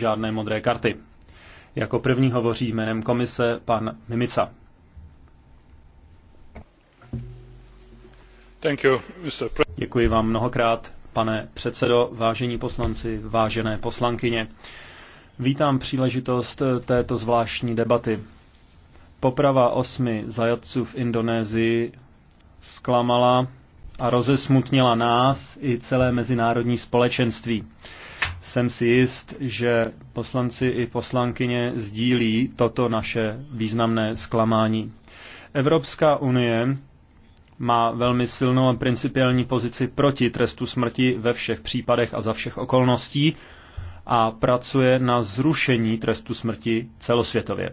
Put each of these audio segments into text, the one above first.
žádné modré karty. Jako první hovoří jménem komise pan Mimica. Thank you, Mr. Děkuji vám mnohokrát, pane předsedo, vážení poslanci, vážené poslankyně. Vítám příležitost této zvláštní debaty. Poprava osmi zajatců v Indonésii zklamala a rozesmutnila nás i celé mezinárodní společenství. Jsem si jist, že poslanci i poslankyně sdílí toto naše významné zklamání. Evropská unie má velmi silnou a principiální pozici proti trestu smrti ve všech případech a za všech okolností a pracuje na zrušení trestu smrti celosvětově.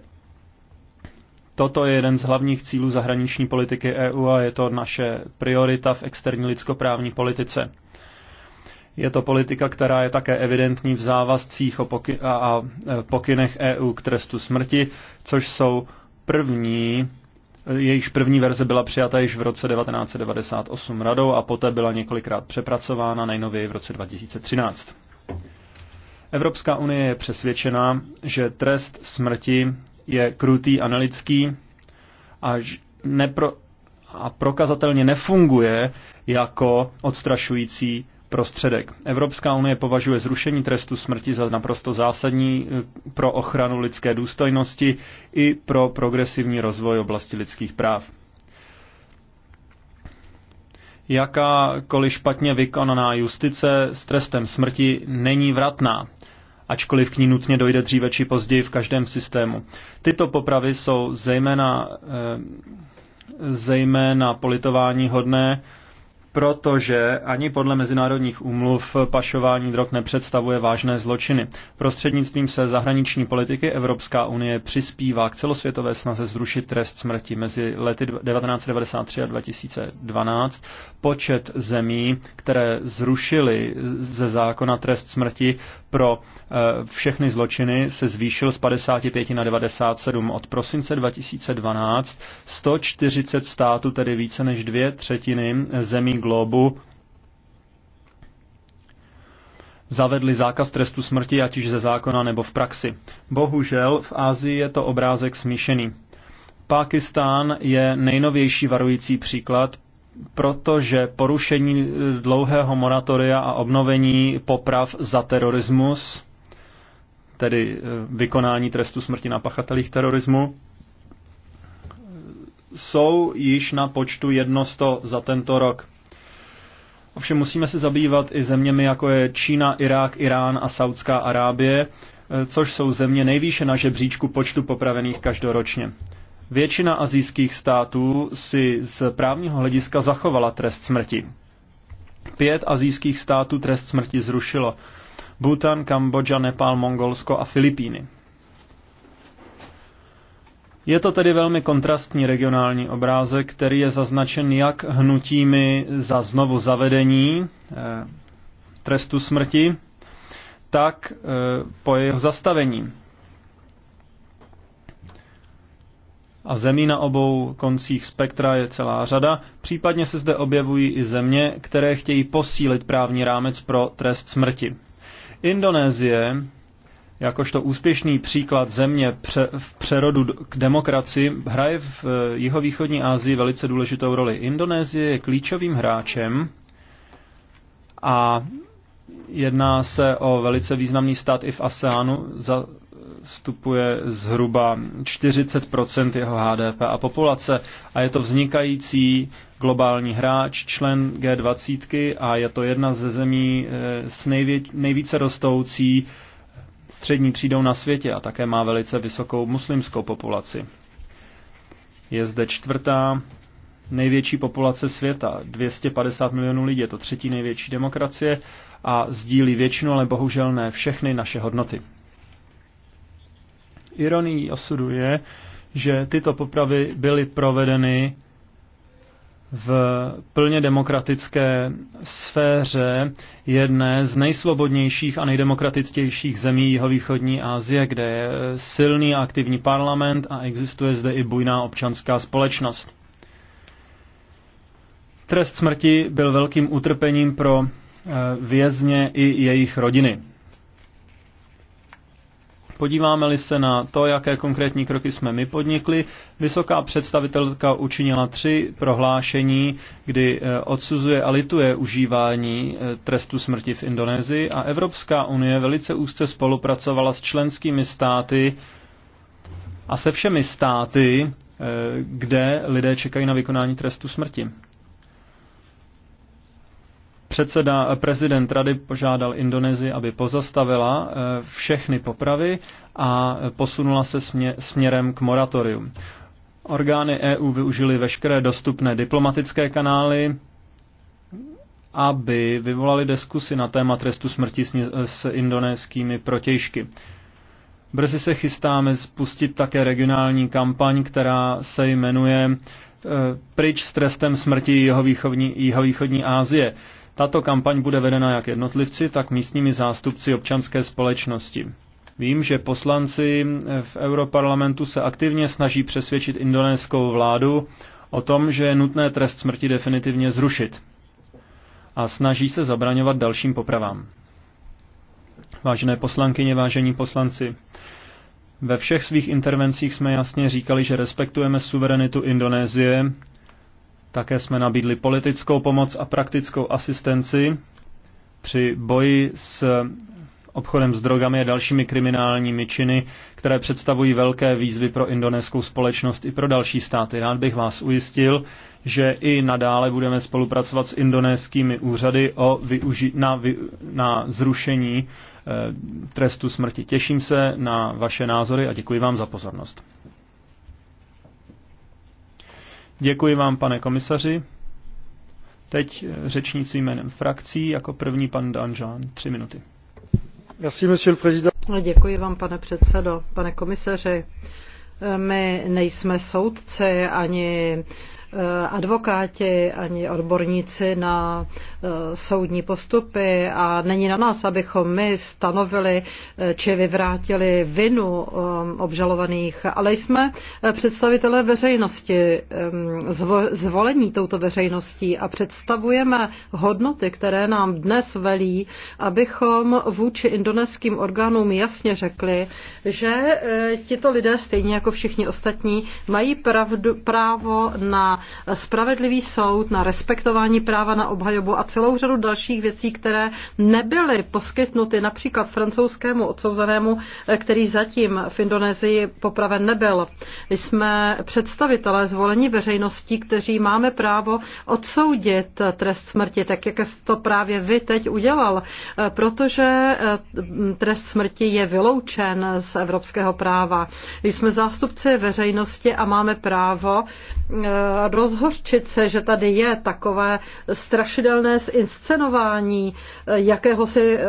Toto je jeden z hlavních cílů zahraniční politiky EU a je to naše priorita v externí lidskoprávní politice. Je to politika, která je také evidentní v závazcích a e, pokynech EU k trestu smrti, což jsou první, jejíž první verze byla přijata již v roce 1998 radou a poté byla několikrát přepracována nejnověji v roce 2013. Evropská unie je přesvědčena, že trest smrti je krutý a nelidský a, nepro, a prokazatelně nefunguje jako odstrašující prostředek. Evropská unie považuje zrušení trestu smrti za naprosto zásadní eh, pro ochranu lidské důstojnosti i pro progresivní rozvoj oblasti lidských práv. Jakákoliv špatně vykonaná justice s trestem smrti není vratná, ačkoliv k ní nutně dojde dříve či později v každém systému. Tyto popravy jsou zejména, eh, zejména politování hodné, protože ani podle mezinárodních úmluv pašování drog nepředstavuje vážné zločiny. Prostřednictvím se zahraniční politiky Evropská unie přispívá k celosvětové snaze zrušit trest smrti. Mezi lety 1993 a 2012 počet zemí, které zrušily ze zákona trest smrti pro eh, všechny zločiny, se zvýšil z 55 na 97. Od prosince 2012 140 států, tedy více než dvě třetiny zemí, globu zavedli zákaz trestu smrti, ať už ze zákona nebo v praxi. Bohužel v Ázii je to obrázek smíšený. Pákistán je nejnovější varující příklad, protože porušení dlouhého moratoria a obnovení poprav za terorismus, tedy eh, vykonání trestu smrti na pachatelích terorismu, jsou již na počtu jednosto za tento rok. Ovšem musíme se zabývat i zeměmi, jako je Čína, Irák, Irán a Saudská Arábie, eh, což jsou země nejvýše na žebříčku počtu popravených každoročně. Většina azijských států si z právního hlediska zachovala trest smrti. Pět azijských států trest smrti zrušilo. Bhutan, Kambodža, Nepál, Mongolsko a Filipíny. Je to tedy velmi kontrastní regionální obrázek, který je zaznačen jak hnutími za znovu zavedení eh, trestu smrti, tak eh, po jeho zastavení. A zemí na obou koncích spektra je celá řada, případně se zde objevují i země, které chtějí posílit právní rámec pro trest smrti. Indonésie jakožto úspěšný příklad země pře- v přerodu k demokracii hraje v eh, jihovýchodní Asii velice důležitou roli. Indonésie je klíčovým hráčem a jedná se o velice významný stát i v ASEANu, zastupuje zhruba 40 jeho HDP a populace a je to vznikající globální hráč, člen G20 a je to jedna ze zemí eh, s nejvě- nejvíce rostoucí střední třídou na světě a také má velice vysokou muslimskou populaci. Je zde čtvrtá největší populace světa, 250 milionů lidí, je to třetí největší demokracie a sdílí většinu, ale bohužel ne všechny naše hodnoty. Ironií osudu je, že tyto popravy byly provedeny v plně demokratické sféře jedné z nejsvobodnějších a nejdemokratickějších zemí jihovýchodní Asie, kde je silný a aktivní parlament a existuje zde i bujná občanská společnost. Trest smrti byl velkým utrpením pro eh, vězně i jejich rodiny. Podíváme-li se na to, jaké konkrétní kroky jsme my podnikli, vysoká představitelka učinila tři prohlášení, kdy eh, odsuzuje a lituje užívání eh, trestu smrti v Indonésii a Evropská unie velice úzce spolupracovala s členskými státy a se všemi státy, eh, kde lidé čekají na vykonání trestu smrti. Předseda, eh, prezident rady požádal Indonésii, aby pozastavila eh, všechny popravy a posunula se směrem k moratorium. Orgány EU využily veškeré dostupné diplomatické kanály, aby vyvolali diskusy na téma trestu smrti s eh, indonéskými protějšky. Brzy se chystáme spustit také regionální kampaň, která se jmenuje Pryč s trestem smrti jihovýchodní, jihovýchodní Asie. Tato kampaň bude vedena jak jednotlivci, tak místními zástupci občanské společnosti. Vím, že poslanci v Europarlamentu se aktivně snaží přesvědčit indonéskou vládu o tom, že je nutné trest smrti definitivně zrušit a snaží se zabraňovat dalším popravám. Vážené poslankyně, vážení poslanci, ve všech svých intervencích jsme jasně říkali, že respektujeme suverenitu Indonésie také jsme nabídli politickou pomoc a praktickou asistenci při boji s obchodem s drogami a dalšími kriminálními činy, které představují velké výzvy pro indonéskou společnost i pro další státy. Rád bych vás ujistil, že i nadále budeme spolupracovat s indonéskými úřady o využi- na, vy- na zrušení e, trestu smrti. Těším se na vaše názory a děkuji vám za pozornost. Děkuji vám, pane komisaři. Teď eh, řečníci jménem frakcí, jako první pan Danžán. Tři minuty. Merci, monsieur le président. No, děkuji vám, pane předsedo, pane komisaři. Eh, my nejsme soudci ani Eh, advokáti ani odborníci na eh, soudní postupy a není na nás, abychom my stanovili eh, či vyvrátili vinu obžalovaných, ale jsme představitelé veřejnosti, zvolení touto veřejností a představujeme hodnoty, které nám dnes velí, abychom vůči indonéským orgánům jasně řekli, že tito lidé, stejně jako všichni ostatní, mají pravdu, právo na spravedlivý soud, na respektování práva na obhajobu a celou řadu dalších věcí, které nebyly poskytnuty například francouzskému odsouzenému, eh, který zatím v Indonésii popraven nebyl. Jsme představitelé zvolení veřejností, kteří máme právo odsoudit trest smrti, tak jak to právě vy teď udělal, eh, protože eh, trest smrti je vyloučen z evropského práva. Jsme zástupci veřejnosti a máme právo rozhořčit se, že tady je takové strašidelné zinscenování eh, jakéhosi eh,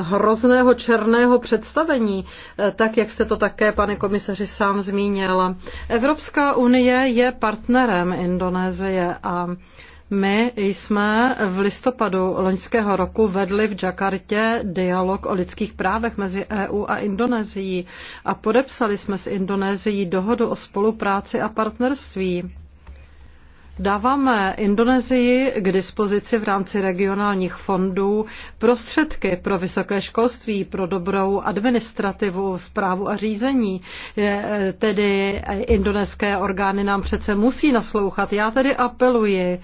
hrozného černého představení, eh, tak jak jste to také, pane komisaři, sám zmínil. Evropská unie je partnerem Indonésie a my jsme v listopadu loňského roku vedli v Jakartě dialog o lidských právech mezi EU a Indonésií a podepsali jsme s Indonésií dohodu o spolupráci a partnerství. Dáváme Indonésii k dispozici v rámci regionálních fondů prostředky pro vysoké školství, pro dobrou administrativu, zprávu a řízení. E, tedy e, indonéské orgány nám přece musí naslouchat. Já tedy apeluji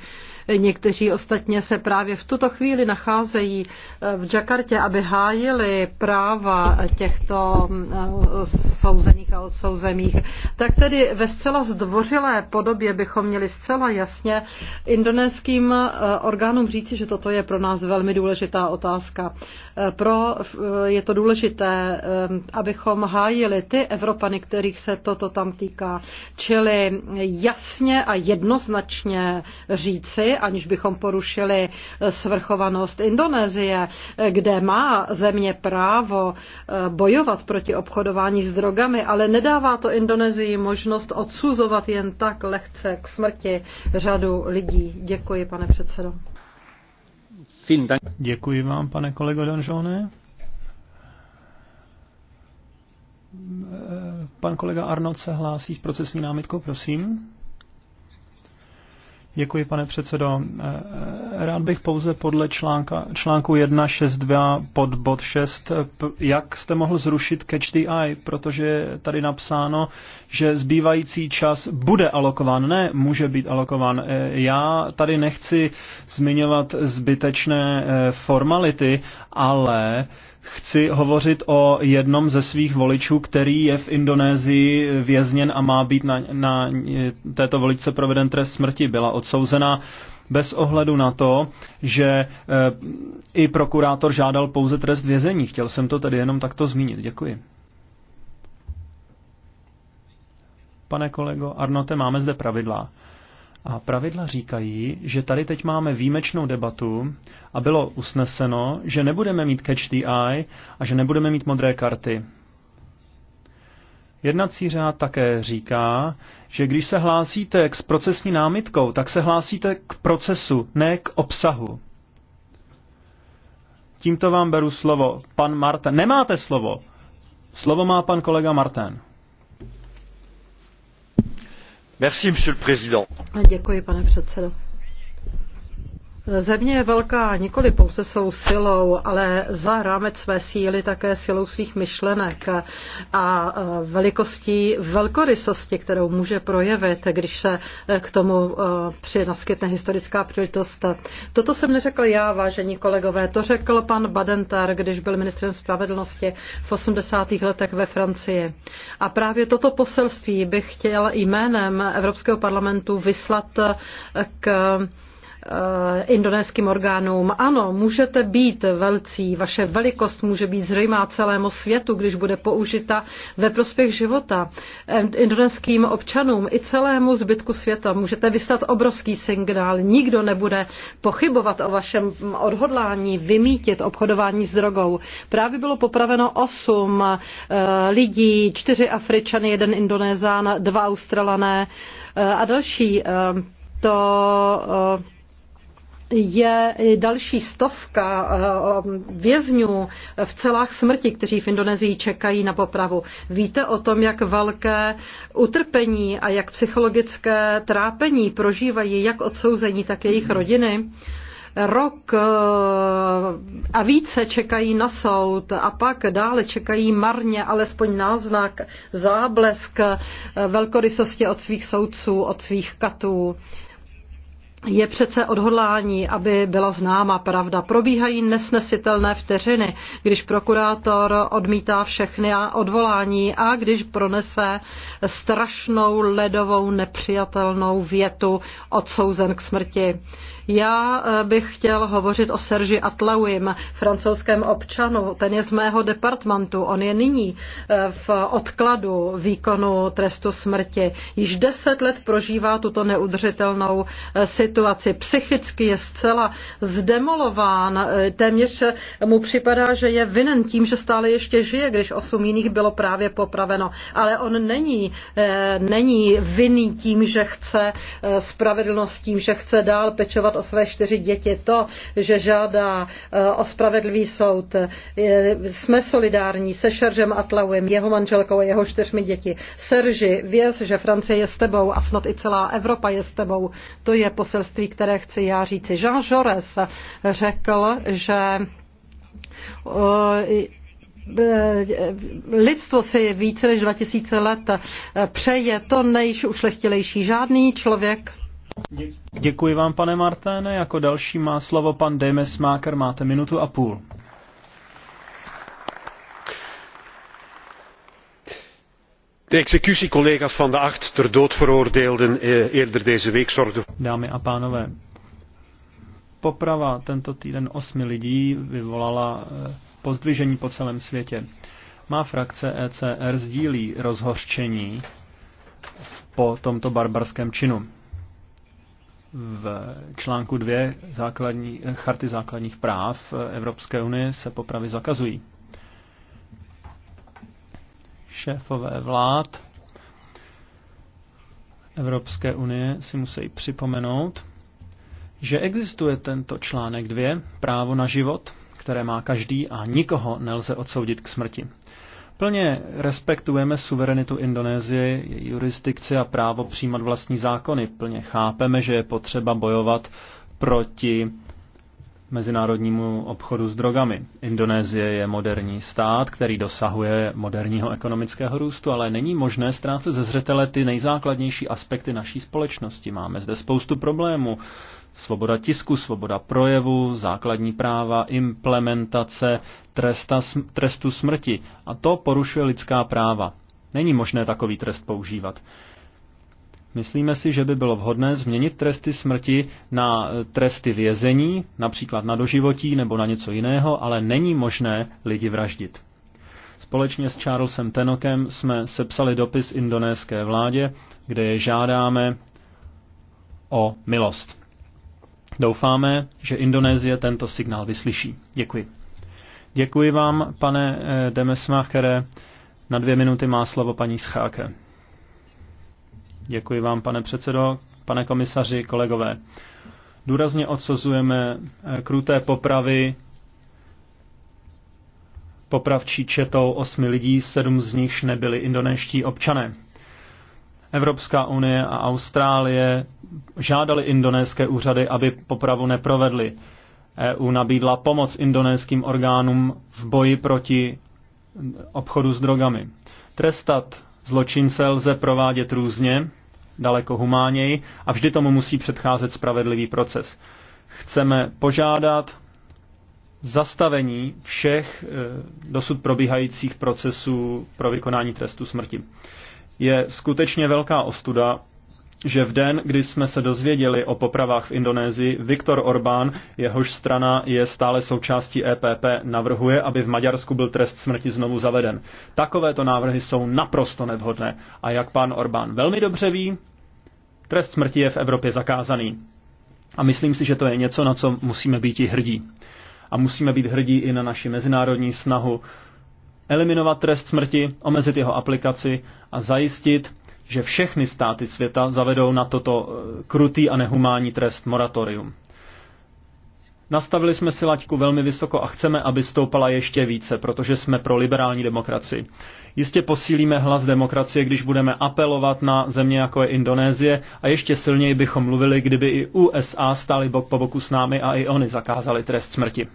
Někteří ostatně se právě v tuto chvíli nacházejí eh, v Jakartě, aby hájili práva těchto eh, souzených a odsouzených. Tak tedy ve zcela zdvořilé podobě bychom měli zcela jasně indonéským eh, orgánům říci, že toto je pro nás velmi důležitá otázka. Pro, je to důležité, abychom hájili ty Evropany, kterých se toto tam týká. Čili jasně a jednoznačně říci, aniž bychom porušili svrchovanost Indonésie, kde má země právo eh, bojovat proti obchodování s drogami, ale nedává to Indonésii možnost odsuzovat jen tak lehce k smrti řadu lidí. Děkuji, pane předsedo. Děkuji vám, pane kolego Danžone. Eh, pan kolega Arnold se hlásí s procesní námitkou, prosím. Děkuji, pane předsedo. Eh, rád bych pouze podle článka, článku 1.6.2 pod bod 6, jak jste mohl zrušit catch the eye, protože je tady napsáno, že zbývající čas bude alokován, ne může být alokován. Eh, já tady nechci zmiňovat zbytečné eh, formality, ale chci hovořit o jednom ze svých voličů, který je v Indonésii vězněn a má být na, na této voličce proveden trest smrti. Byla odsouzena bez ohledu na to, že e, i prokurátor žádal pouze trest vězení. Chtěl jsem to tedy jenom takto zmínit. Děkuji. Pane kolego Arnote, máme zde pravidla. A pravidla říkají, že tady teď máme výjimečnou debatu a bylo usneseno, že nebudeme mít catch the eye a že nebudeme mít modré karty. Jednací řád také říká, že když se hlásíte k procesní námitkou, tak se hlásíte k procesu, ne k obsahu. Tímto vám beru slovo. Pan Marten. Nemáte slovo. Slovo má pan kolega Marten monsieur le président. Děkuji, pane předsedo. Země je velká nikoli pouze svou silou, ale za rámec své síly také silou svých myšlenek a velikostí velkorysosti, kterou může projevit, když se eh, k tomu eh, přinaskytne historická příležitost. Toto jsem neřekl já, vážení kolegové, to řekl pan Badentar, když byl ministrem spravedlnosti v 80. letech ve Francii. A právě toto poselství bych chtěl jménem Evropského parlamentu vyslat eh, k Eh, indonéským orgánům. Ano, můžete být velcí, vaše velikost může být zřejmá celému světu, když bude použita ve prospěch života indonéským občanům i celému zbytku světa. Můžete vyslat obrovský signál. Nikdo nebude pochybovat o vašem odhodlání vymítit obchodování s drogou. Právě bylo popraveno osm eh, lidí, čtyři Afričany, jeden Indonézán, dva Australané eh, a další. To je další stovka eh, vězňů v celách smrti, kteří v Indonésii čekají na popravu. Víte o tom, jak velké utrpení a jak psychologické trápení prožívají jak odsouzení, tak jejich rodiny? rok eh, a více čekají na soud a pak dále čekají marně alespoň náznak, záblesk eh, velkorysosti od svých soudců, od svých katů je přece odhodlání, aby byla známa pravda. Probíhají nesnesitelné vteřiny, když prokurátor odmítá všechny odvolání a když pronese strašnou ledovou nepřijatelnou větu odsouzen k smrti. Já eh, bych chtěl hovořit o Serži Atlauim, francouzském občanu. Ten je z mého departmantu. On je nyní eh, v odkladu výkonu trestu smrti. Již deset let prožívá tuto neudržitelnou eh, situaci. Psychicky je zcela zdemolován. Téměř mu připadá, že je vinen tím, že stále ještě žije, když osm jiných bylo právě popraveno. Ale on není, není vinný tím, že chce spravedlnost, tím, že chce dál pečovat starat o své čtyři děti, to, že žádá eh, o spravedlivý soud. Eh, jsme solidární se Šeržem Atlauem, jeho manželkou a jeho čtyřmi děti. Serži, věz, že Francie je s tebou a snad i celá Evropa je s tebou. To je poselství, které chci já říci. Jean Jaurès řekl, že eh, lidstvo si více než 2000 let přeje to nejšušlechtilejší. Žádný člověk Děkuji vám, pane Marténe. Jako další má slovo pan Máker. Máte minutu a půl. De executiecollega's van de acht ter dood veroordeelden eh, eerder deze week zorgden. Dámy a pánové, poprava tento týden osmi lidí vyvolala eh, pozdvižení po celém světě. Má frakce ECR sdílí rozhořčení po tomto barbarském činu v článku 2 základní, Charty základních práv Evropské unie se popravy zakazují. Šéfové vlád Evropské unie si musí připomenout, že existuje tento článek 2, právo na život, které má každý a nikoho nelze odsoudit k smrti. Plně respektujeme suverenitu Indonésie, její jurisdikci a právo přijímat vlastní zákony. Plně chápeme, že je potřeba bojovat proti mezinárodnímu obchodu s drogami. Indonésie je moderní stát, který dosahuje moderního ekonomického růstu, ale není možné ztrácet ze zřetele ty nejzákladnější aspekty naší společnosti. Máme zde spoustu problémů. Svoboda tisku, svoboda projevu, základní práva, implementace tresta, trestu smrti. A to porušuje lidská práva. Není možné takový trest používat. Myslíme si, že by bylo vhodné změnit tresty smrti na eh, tresty vězení, například na doživotí nebo na něco jiného, ale není možné lidi vraždit. Společně s Charlesem Tenokem jsme sepsali dopis indonéské vládě, kde je žádáme o milost. Doufáme, že Indonésie tento signál vyslyší. Děkuji. Děkuji vám, pane eh, Demesmachere. Na dvě minuty má slovo paní Scháke. Děkuji vám, pane předsedo, pane komisaři, kolegové. Důrazně odsozujeme eh, kruté popravy popravčí četou osmi lidí, sedm z nichž nebyli indonéští občané. Evropská unie a Austrálie žádali indonéské úřady, aby popravu neprovedly. EU nabídla pomoc indonéským orgánům v boji proti obchodu s drogami. Trestat zločince lze provádět různě, daleko humáněji a vždy tomu musí předcházet spravedlivý proces. Chceme požádat zastavení všech e, dosud probíhajících procesů pro vykonání trestu smrti. Je skutečně velká ostuda, že v den, kdy jsme se dozvěděli o popravách v Indonésii, Viktor Orbán, jehož strana je stále součástí EPP, navrhuje, aby v Maďarsku byl trest smrti znovu zaveden. Takovéto návrhy jsou naprosto nevhodné. A jak pan Orbán velmi dobře ví, trest smrti je v Evropě zakázaný. A myslím si, že to je něco, na co musíme být i hrdí. A musíme být hrdí i na naši mezinárodní snahu eliminovat trest smrti, omezit jeho aplikaci a zajistit, že všechny státy světa zavedou na toto eh, krutý a nehumánní trest moratorium. Nastavili jsme si laťku velmi vysoko a chceme, aby stoupala ještě více, protože jsme pro liberální demokracii. Jistě posílíme hlas demokracie, když budeme apelovat na země jako je Indonésie a ještě silněji bychom mluvili, kdyby i USA stály bok po boku s námi a i oni zakázali trest smrti.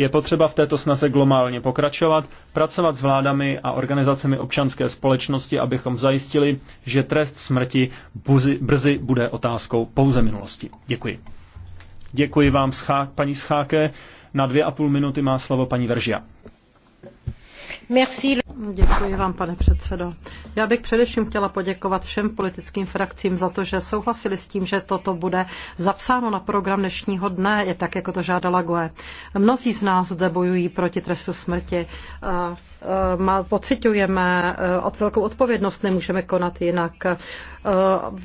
Je potřeba v této snaze globálně pokračovat, pracovat s vládami a organizacemi občanské společnosti, abychom zajistili, že trest smrti buzi, brzy bude otázkou pouze minulosti. Děkuji. Děkuji vám, schák, paní Scháke. Na dvě a půl minuty má slovo paní Veržia. Merci. Děkuji vám, pane předsedo. Já bych především chtěla poděkovat všem politickým frakcím za to, že souhlasili s tím, že toto bude zapsáno na program dnešního dne, je tak, jako to žádala Goe. Mnozí z nás zde bojují proti trestu smrti. Pocitujeme e, od velkou odpovědnost, nemůžeme konat jinak. E,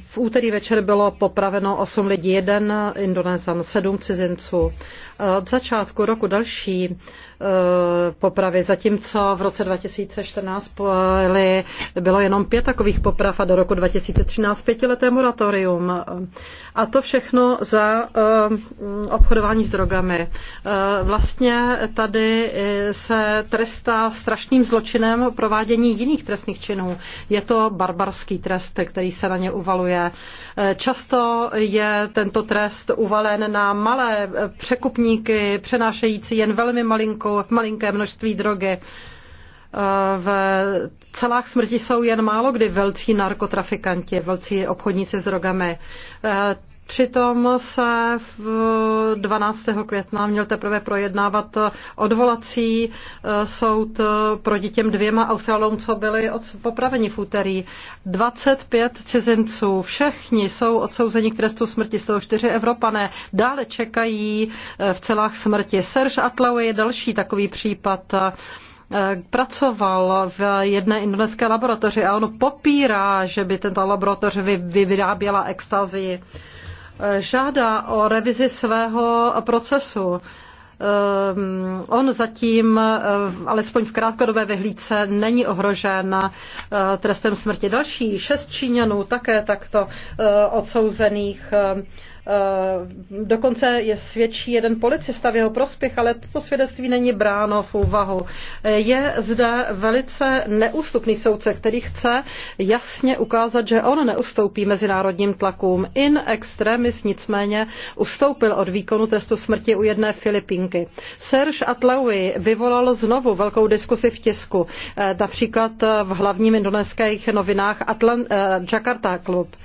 v úterý večer bylo popraveno 8 lidí, jeden indonézan, 7 cizinců od začátku roku další eh, popravy, zatímco v roce 2014 bylo jenom pět takových poprav a do roku 2013 pětileté moratorium. A to všechno za eh, obchodování s drogami. Eh, vlastně tady se trestá strašným zločinem provádění jiných trestných činů. Je to barbarský trest, který se na ně uvaluje. Často je tento trest uvalen na malé překupní obchodníky přenášející jen velmi malinko, malinké množství drogy. V celách smrti jsou jen málo kdy velcí narkotrafikanti, velcí obchodníci s drogami. Přitom se v 12. května měl teprve projednávat odvolací eh, soud pro dítěm dvěma Australům, co byli popraveni v úterý. 25 cizinců, všichni jsou odsouzeni k trestu smrti, toho čtyři Evropané, dále čekají eh, v celách smrti. Serge Atlaoui je další takový případ eh, pracoval v jedné indonéské laboratoři a on popírá, že by tento laboratoř vyráběla extazii žádá o revizi svého procesu. Ehm, on zatím, eh, alespoň v krátkodobé vyhlídce, není ohrožen eh, trestem smrti. Další šest Číňanů také takto eh, odsouzených Eh, dokonce je svědčí jeden policista v jeho prospěch, ale toto svědectví není bráno v úvahu. Eh, je zde velice neústupný soudce, který chce jasně ukázat, že on neustoupí mezinárodním tlakům. In extremis nicméně ustoupil od výkonu trestu smrti u jedné Filipinky. Serge Atlaoui vyvolal znovu velkou diskusi v tisku, eh, například v hlavním indonéských novinách Atlant- Jakarta Club.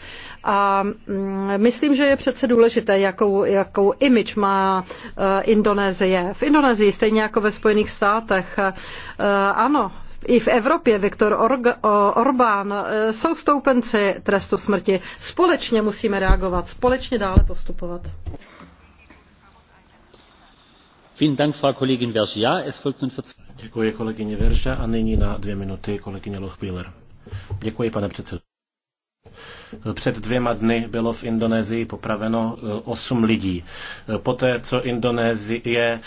A mm, myslím, že je přece důležité, jakou, jakou image má eh, Indonésie. V Indonésii, stejně jako ve Spojených státech, eh, ano, i v Evropě Viktor Org- Orbán eh, jsou stoupenci trestu smrti. Společně musíme reagovat, společně dále postupovat. Děkuji kolegyně Verža a nyní na dvě minuty kolegyně Lochbiller. Děkuji, pane předsedo. Před dvěma dny bylo v Indonésii popraveno 8 e, lidí. E, poté, co Indonésie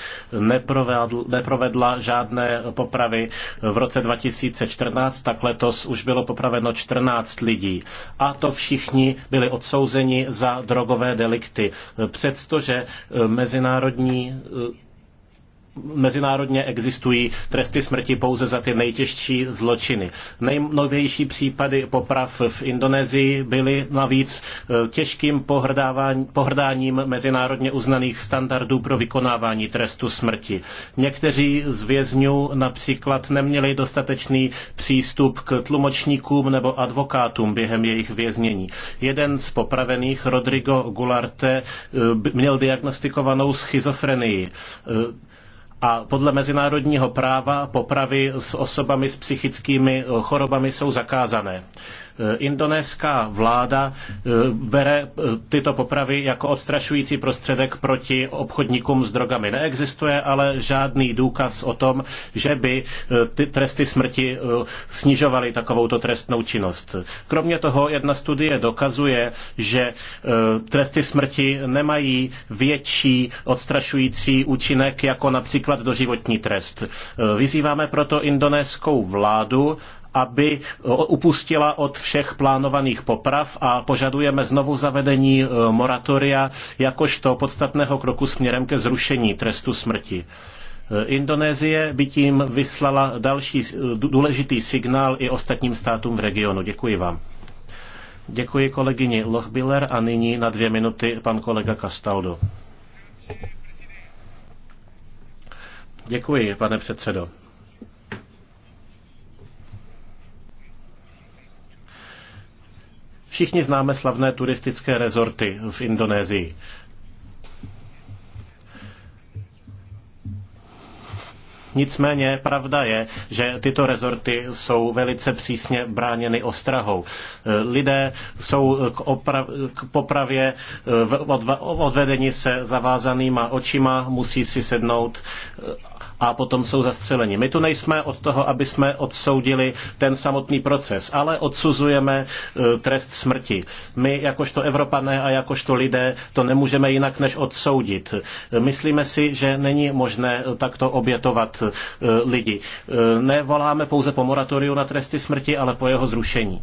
neprovedla žádné popravy e, v roce 2014, tak letos už bylo popraveno 14 lidí. A to všichni byli odsouzeni za drogové delikty. Přestože mezinárodní mezinárodně existují tresty smrti pouze za ty nejtěžší zločiny. Nejnovější případy poprav v Indonésii byly navíc eh, těžkým pohrdáním mezinárodně uznaných standardů pro vykonávání trestu smrti. Někteří z vězňů například neměli dostatečný přístup k tlumočníkům nebo advokátům během jejich věznění. Jeden z popravených, Rodrigo Gularte, eh, měl diagnostikovanou schizofrenii eh, a podle mezinárodního práva popravy s osobami s psychickými chorobami jsou zakázané. Eh, Indonéská vláda eh, bere eh, tyto popravy jako odstrašující prostředek proti obchodníkům s drogami. Neexistuje ale žádný důkaz o tom, že by ty tresty smrti snižovaly takovouto trestnou činnost. Kromě toho jedna studie dokazuje, že tresty smrti nemají větší odstrašující účinek jako například doživotní trest. Vyzýváme proto indonéskou vládu, aby eh, upustila od všech plánovaných poprav a požadujeme znovu zavedení eh, moratoria jakožto podstatného kroku směrem ke zrušení trestu smrti. Eh, Indonésie by tím vyslala další důležitý signál i ostatním státům v regionu. Děkuji vám. Děkuji kolegyni Lochbiller a nyní na dvě minuty pan kolega Castaldo. Děkuji, pane předsedo. Všichni známe slavné turistické rezorty v Indonésii. Nicméně pravda je, že tyto rezorty jsou velice přísně bráněny ostrahou. Lidé jsou k, oprav, k popravě odvedeni se zavázanýma očima, musí si sednout a potom jsou zastřeleni. My tu nejsme od toho, aby jsme odsoudili ten samotný proces, ale odsuzujeme e, trest smrti. My jakožto Evropané a jakožto lidé to nemůžeme jinak než odsoudit. Myslíme si, že není možné e, takto obětovat e, lidi. Nevoláme pouze po moratoriu na tresty smrti, ale po jeho zrušení.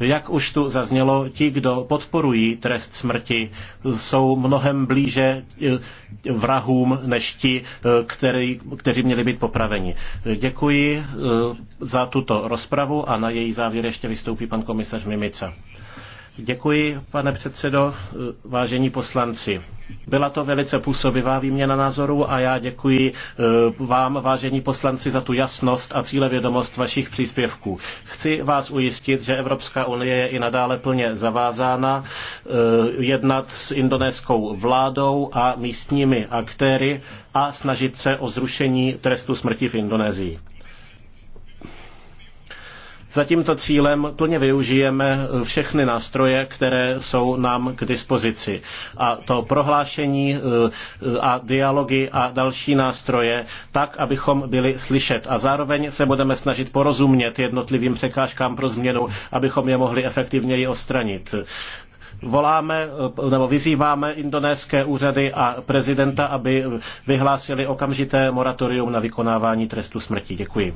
Jak už tu zaznělo, ti, kdo podporují trest smrti, jsou mnohem blíže eh, vrahům než ti, eh, který, kteří měli být popraveni. Děkuji eh, za tuto rozpravu a na její závěr ještě vystoupí pan komisař Mimica. Děkuji, pane předsedo, vážení poslanci. Byla to velice působivá výměna názorů a já děkuji eh, vám, vážení poslanci, za tu jasnost a cílevědomost vašich příspěvků. Chci vás ujistit, že Evropská unie je i nadále plně zavázána eh, jednat s indonéskou vládou a místními aktéry a snažit se o zrušení trestu smrti v Indonésii. Za tímto cílem plně využijeme všechny nástroje, které jsou nám k dispozici. A to prohlášení eh, eh, a dialogy a další nástroje, tak, abychom byli slyšet. A zároveň se budeme snažit porozumět jednotlivým překážkám pro změnu, abychom je mohli efektivněji odstranit voláme eh, nebo vyzýváme indonéské úřady a prezidenta, aby vyhlásili okamžité moratorium na vykonávání trestu smrti. Děkuji.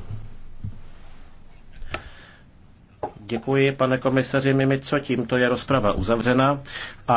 Děkuji, pane komisaři Mimico, tímto je rozprava uzavřena.